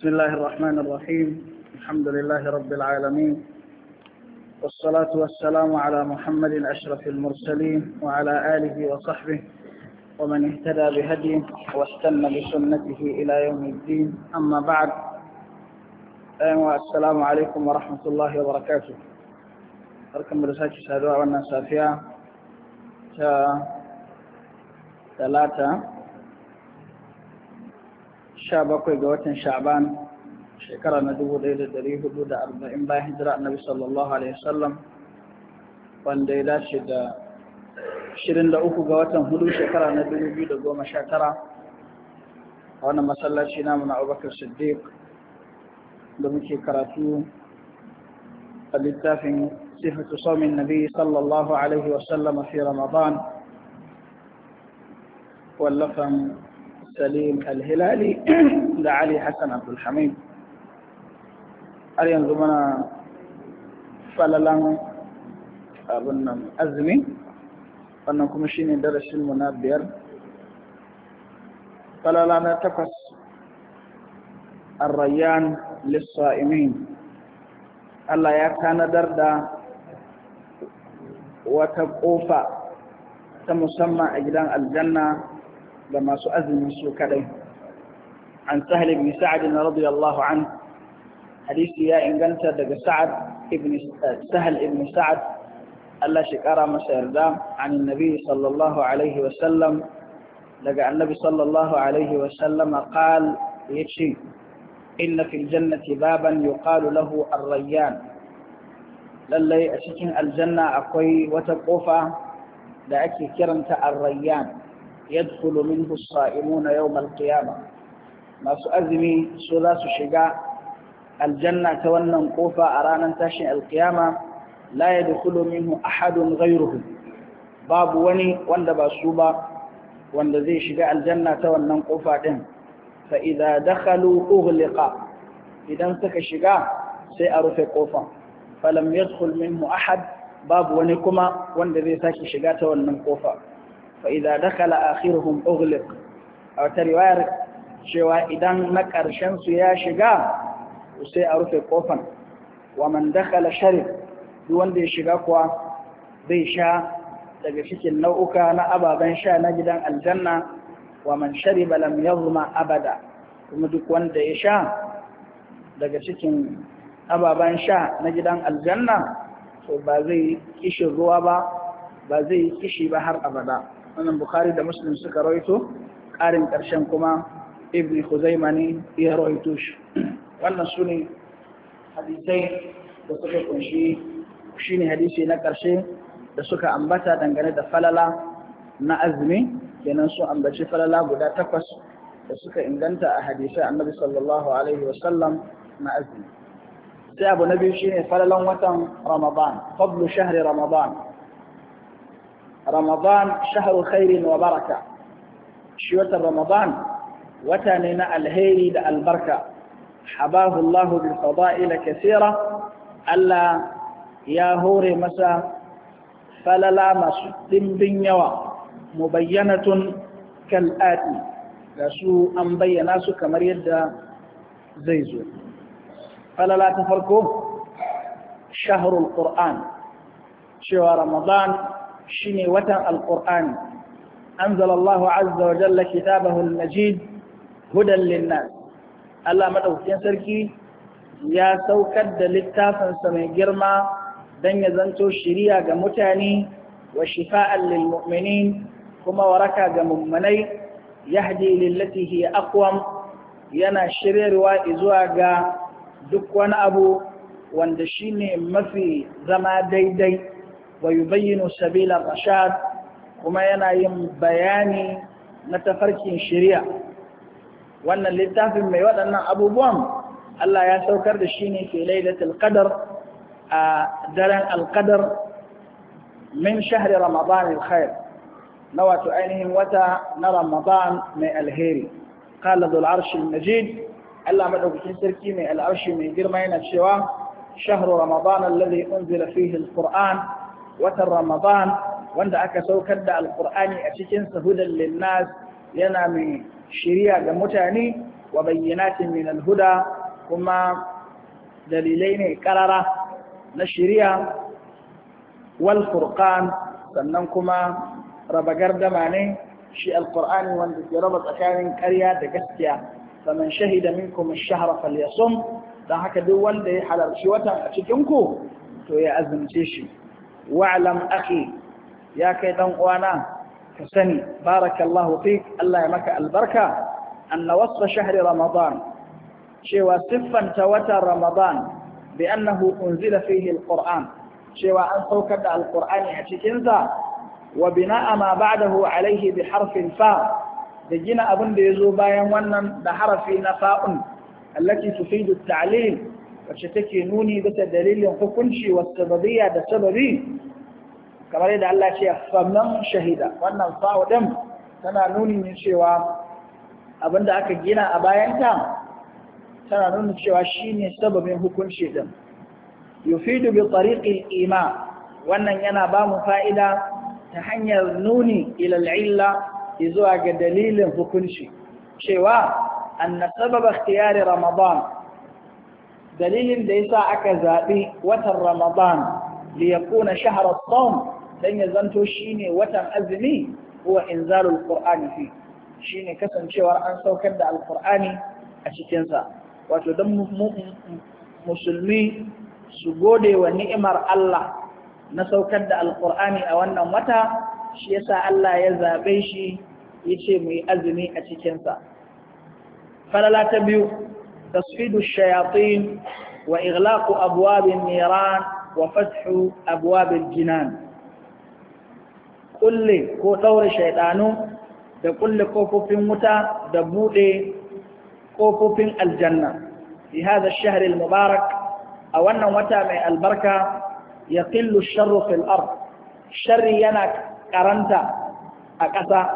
بسم الله الرحمن الرحيم الحمد لله رب العالمين والصلاة والسلام على محمد أشرف المرسلين وعلى آله وصحبه ومن اهتدى بهديه واستنى بسنته إلى يوم الدين أما بعد السلام عليكم ورحمة الله وبركاته أركم برساك سادوا سافيا ثلاثة شابكوي جوتن شعبان شكرا ندوه ليلة دري حدود أربعين باي هجرة النبي صلى الله عليه وسلم وان ديلا شد شرين لأوكو جوتن هدو شكرا ندوه بيدو جوما شاترا وانا ما شنا من أبو بكر الصديق دمكي كراتو قد اتفن صفة صوم النبي صلى الله عليه وسلم في رمضان واللفن سليم الهلالي لعلي حسن عبد الحميد أريان زمنا فللان أبن أزمي أنا كمشيني درس المنابير فللان تقص الريان للصائمين الله يا كان دردا وتبقوفا تمسمى أجلان الجنة da masu azumin su kadai an sahal ibn sa'ad allahu an hadisi ya inganta daga sa'ad ibn eh, sahal ibn sa'ad Allah shi kara masa yarda an annabi sallallahu alaihi wa daga annabi sallallahu alaihi wa sallama qal yace inna fil jannati baban yuqalu lahu ar lallai a cikin aljanna akwai wata kofa da ake kiranta ar yadkulu minhu sa'imuna yawmal qiyamah masu azumi su zasu shiga aljanna ta wannan kofa a ranar tashin alqiyama la yadkhulu minhu ahadun ghayruhu babu wani wanda ba su ba wanda zai shiga aljanna ta wannan kofa ɗin fa idza dakhalu ughliqa idan suka shiga sai a rufe kofar falam yadkhul minhu ahad babu wani kuma wanda zai sake shiga ta wannan kofa fa’iza dakala a khirhun oglik a wata riwayar cewa idan na ƙarshen su ya shiga sai a rufe kofan wa man dakala sharif duk wanda ya shiga kuwa zai sha daga cikin nau’uka na ababen sha na gidan aljanna wa man shariba lam ya zuma abada kuma duk wanda ya sha daga cikin ababen sha na gidan aljanna ba zai ƙishin ruwa ba ba zai yi ƙishi ba har abada wannan bukhari da muslim suka rawaito ƙarin ƙarshen kuma ibn khuzaima ne ya rawaito shi wannan su ne hadisai da suka kunshi shi ne hadisi na ƙarshe da suka ambata dangane da falala na azumi kenan su ambaci falala guda takwas da suka inganta a hadisai annabi sallallahu alaihi wasallam na azumi sai abu na biyu shine falalan watan ramadan fadlu shahri ramadan رمضان شهر خير وبركة شوة رمضان وتننا الهير البركة حباه الله بالفضائل كثيرة ألا يا هوري مسا فللا مسد بنيوى مبينة كالآتي لسوء أم بيناس كمر يد زيزو فللا تفركو شهر القرآن شوى رمضان shine watan alqur'ani anzalallahu Allahu azza wa jalla kitabahu al hudan lin Allah madaukakin sarki ya saukar da littafinsa mai girma dan ya zanto shiriya ga mutane wa shifa'an lil mu'minin kuma waraka ga mummunai yahdi lillati hiya aqwam yana shiryarwa zuwa ga duk wani abu wanda shine mafi zama daidai ويبين سبيل الرشاد وما ينا يم بياني نتفرك الشريعة وأن ما الميوات أن أبو بوام الله يسوكر الشيني في ليلة القدر آه، دلن القدر من شهر رمضان الخير نوات عينه وتا نرى رمضان من الهيري قال ذو العرش المجيد الله مدعوك تنسركي من العرش من جرمين الشواء شهر رمضان الذي أنزل فيه القرآن watan Ramadan wanda aka saukar da Alƙur'ani a cikin sahudan linnas yana mai shiriya ga mutane wa bayyanatin min alhuda kuma dalilai ne ƙarara na shiriya wal furqan sannan kuma raba gardama ne shi Alƙur'ani wanda ke raba tsakanin ƙarya da gaskiya faman shahida minkum ash-shahra falyasum dan haka duk wanda ya halarci watan a cikin ku to ya azumce shi واعلم أخي يا كيدان قوانا كسني بارك الله فيك الله يمك البركة أن وصف شهر رمضان شوى صفا توتى رمضان بأنه أنزل فيه القرآن شوى أن توكد القرآن أتكنزا وبناء ما بعده عليه بحرف فاء بجنا أبن ديزوبا يمونا بحرف نفاء التي تفيد التعليم wacce take nuni bisa dalilin hukunci wasu sababiyya da sababi kamar yadda Allah ce faman shahida wannan fa'u din tana nuni ne cewa abinda aka gina a bayanta tana nuni cewa shine sababin hukunci din yufidu bi tariqi ima wannan yana ba mu fa'ida ta hanyar nuni ila al-illa zuwa ga dalilin hukunci cewa anna sababa ikhtiyari ramadan dalilin da yasa aka zaɓi watan Ramadan da yakuna shahr as-sawm dan ya zanto shine watan azumi huwa inzalul qur'ani fi shine kasancewar an saukar da alqur'ani a cikinsa. wato dan musulmi su gode wa ni'imar Allah na saukar da Alkur'ani a wannan wata shi yasa Allah ya zaɓe shi ce mu yi azumi a cikinsa. falala ta biyu تصفيد الشياطين وإغلاق أبواب النيران وفتح أبواب الجنان كل كثور شيطان تقول كفوف متى دبوه كفوف الجنة في هذا الشهر المبارك أولا متى من البركة يقل الشر في الأرض شر ينك قرنت أكثر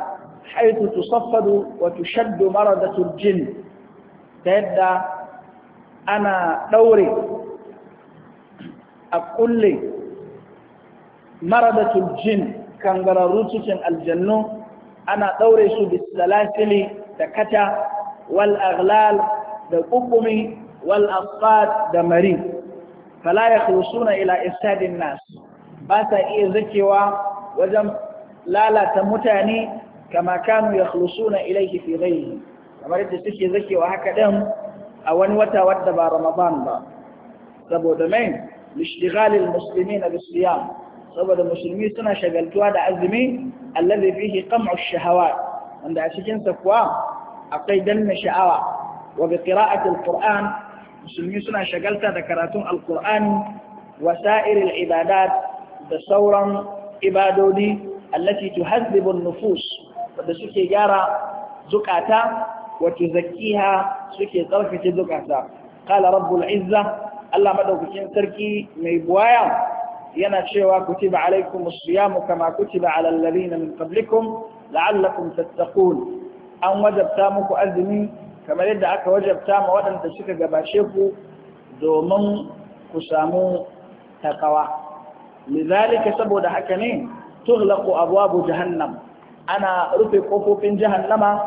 حيث تصفد وتشد مردة الجن ta yadda ana ɗaure a kulle maradatul jin kangararru cikin aljannu ana ɗaure su bisalasili da kata wal aghlal da ƙuƙumi wal asfad da mari fala ya suna ila istadin nas ba sa iya zakewa wajen lalata mutane kama kanu ya suna ilaihi fi ghairihi kamar yadda suke wa haka ɗan a wani wata wadda ba Ramadan ba saboda mai lishtigalil musulmi na bisiyam saboda musulmi suna shagaltuwa da azumi allazi fihi qam'u shahawat wanda a cikin sa kuwa akwai danna sha'awa wa bi qira'ati alquran musulmi suna shagalta da karatun alqur'ani wa sa'iril ibadat da sauran ibadodi allati tu an-nufus wanda suke gyara zukata وتزكيها سكي طرف تدك أسا قال رب العزة الله مدوك تركي ميبوايا ينا شوى كتب عليكم الصيام كما كتب على الذين من قبلكم لعلكم تتقون أن وجبتامك أذني كما يدعك وجبتام وأن تشك جباشيك دومن كسامو تقوى لذلك سبود حكمين تغلق أبواب جهنم أنا رفق قفوف جهنم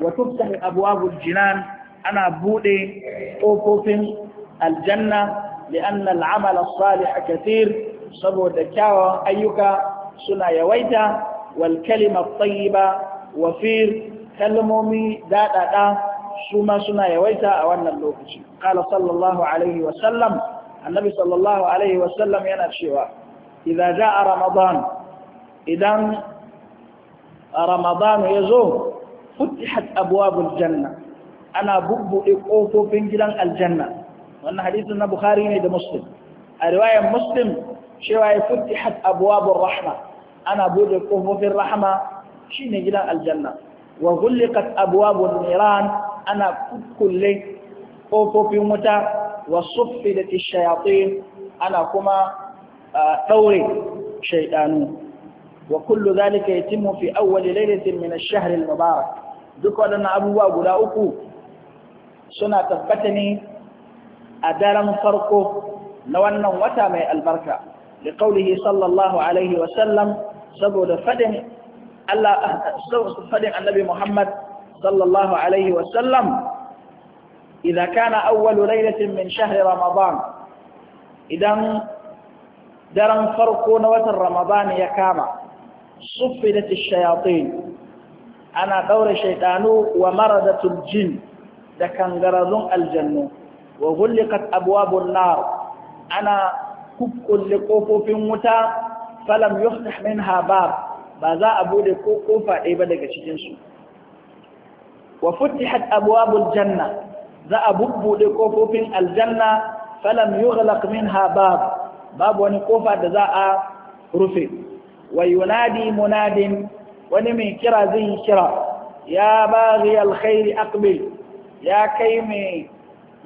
وتفتح أبواب الجنان أنا بودي أوفوفين الجنة لأن العمل الصالح كثير صبو دكاوى أيك سنا يويتا والكلمة الطيبة وفير كلمومي دا دا دا سما سنا يويتا أولنا اللوكسي قال صلى الله عليه وسلم النبي صلى الله عليه وسلم ينشيوا إذا جاء رمضان إذا رمضان يزور futihat abwabul janna ana bubbuɗe ƙofofin gidan aljanna wannan hadisin na bukhari ne da muslim a riwayar muslim cewa ya futihat abwabur rahma ana bude ƙofofin rahma shine gidan aljanna wa ghulqat abwabun niran ana kukulle ƙofofin wuta wa suffidat ash-shayatin ana kuma daure shaydanu وكل ذلك يتم في أول ليلة من الشهر المبارك ذكر أبو أبو لا أكو سنة تبتني أدارا فرقه لو أنه وتامي البركة لقوله صلى الله عليه وسلم سبود فدن الله فدن النبي محمد صلى الله عليه وسلم إذا كان أول ليلة من شهر رمضان إذا درن فرقون وتر رمضان يكاما suffinati ash-shayatin ana daura shaytanu wa da jin da kangararrun aljannu wa ghulqat abwabun nar ana kukkulle kofofin wuta falam yuftah minha bab ba za a buɗe ko ba daga cikinsu wa futtihat abwabul janna za a bubbude kofofin aljanna falam yughlaq minha bab babu wani ƙofa da za a rufe wa yunadi munadin wani mai kira zai yi kira ya baghi alkhairi aqbil ya kai mai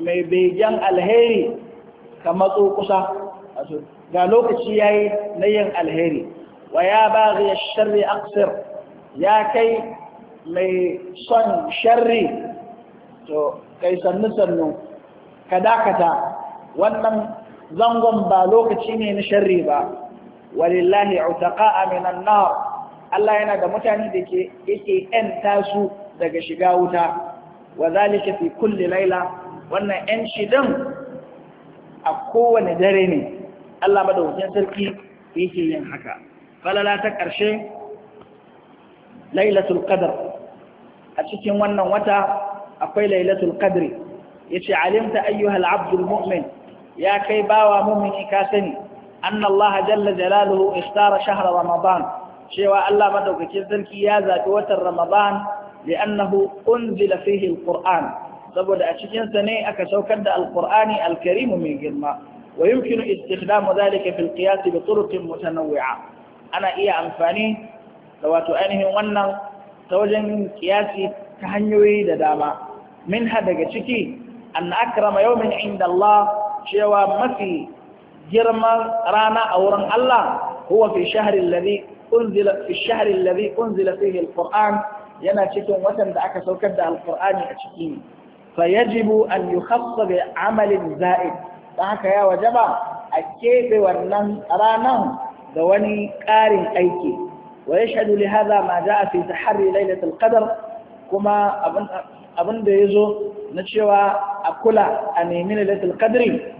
mai begen alheri ka matso kusa lokaci yayi na yin alheri wa ya baghi sharri aqsir ya kai mai son sharri to kai sannu sannu ka dakata wannan zangon ba lokaci ne na sharri ba walillahi utaqa'a minan nar Allah yana da mutane da ke yake ‘yanta su daga shiga wuta, wa zalika fi kulli Layla. wannan ‘yan shidan a kowane dare ne, Allah madawacin sarki yake yin haka. Falala ta ƙarshe, lailatul qadr a cikin wannan wata akwai lailatul qadri, yace alimta ayyuhal abdul mu'min ya kai bawa mumini ka sani. أن الله جل جلاله اختار شهر رمضان شوى الله مدوك كذلك يا ذات وتر رمضان لأنه أنزل فيه القرآن سبب أشجن سنة أكسوكد القرآن الكريم من جرما ويمكن استخدام ذلك في القياس بطرق متنوعة أنا إيا أنفاني لواتو أنه وانا توجن قياسي كهنيوي دداما من هذا شكي أن أكرم يوم عند الله شوى ما في girman rana a wurin Allah huwa fi shahril ladhi unzila fi shahril ladhi unzila fihi alquran yana cikin watan da aka saukar da alqurani a ciki fa yajibu an yukhassa bi amalin za'id dan haka ya wajaba a kebe wannan ranan da wani ƙarin aiki wa yashhadu li hadha ma ja'a fi tahri lailatul qadr kuma abin da yazo na cewa a kula a nemi lailatul qadri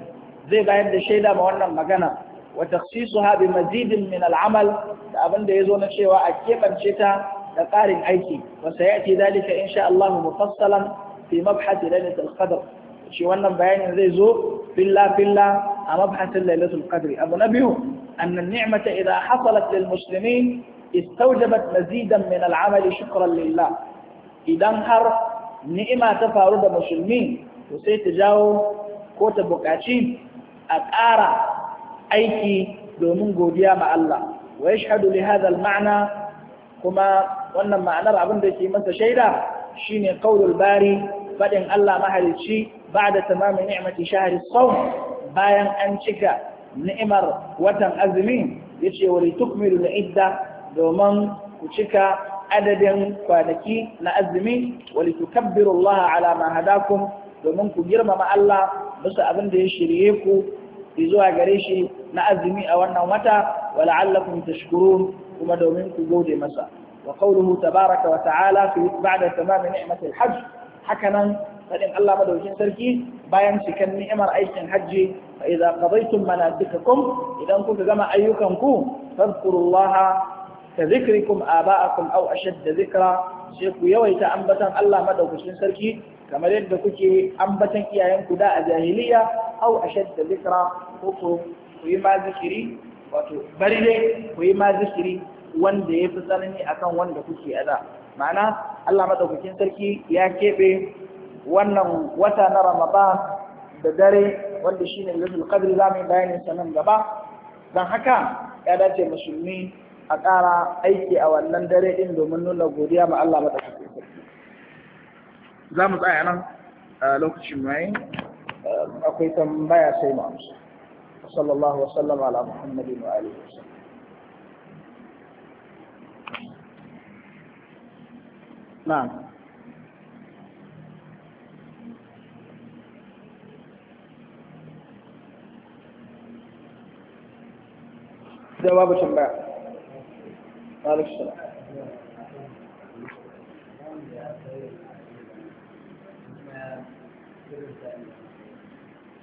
زي بعند الشيء ده مهنا مجانا وتخصيصها بمزيد من العمل أبن ده يزون الشيء وأكيبا شتا تقارن أيتي وسيأتي ذلك إن شاء الله مفصلا في مبحث ليلة القدر شيء وانا بعين زي زو بالله بالله مبحث ليلة القدر أبو نبي أن النعمة إذا حصلت للمسلمين استوجبت مزيدا من العمل شكرا لله إذا انهر نعمة تفارد مسلمين وسيتجاو كوتا بوكاتشين a ƙara aiki domin godiya ma Allah wa shahadu li hadal al kuma wannan ma'anar abin da ke masa shaida shine qaulul bari fadin Allah mahalicci ba'da tamamin ni'mati shahri sawm bayan an cika ni'imar watan azumi yace wa litukmilu al-idda domin ku cika adadin kwanaki na azumi wa litukabbiru Allah ala ma hadakum domin ku girmama Allah bisa abin da ya shirye ku zuwa gare shi na azumi a wannan wata wala'allakum tashkurun kuma domin ku gode masa wa qawluhu tabaraka wa ta'ala fi ba'da tamam ni'matil hajj hakanan fadin Allah madaukin sarki bayan cikan ni'imar aikin hajji fa idza qadaytum manasikakum idan kuka gama ayyukan ku fadhkurullaha ka zikrikum aba'akum aw ashadda zikra sai ku yawaita ambatan Allah madaukakin sarki kamar yadda kuke ambatan iyayenku da a jahiliya au da zikra ko ku yi ma zikiri wato bari dai ku yi ma zikiri wanda ya fi tsanani akan wanda kuke a da ma'ana Allah madaukakin sarki ya keɓe wannan wata na Ramadan da dare wanda shine Lailatul kadri za mu bayani sanan gaba dan haka ya dace musulmi a ƙara aiki a wannan dare ɗin domin nuna godiya ma Allah madaukakin sarki za mu tsaya nan lokacin mai akwai tambaya sai mu amsa sallallahu wa sallama ala muhammadin wa alihi wa sallam نعم جواب الشمباء عليك السلام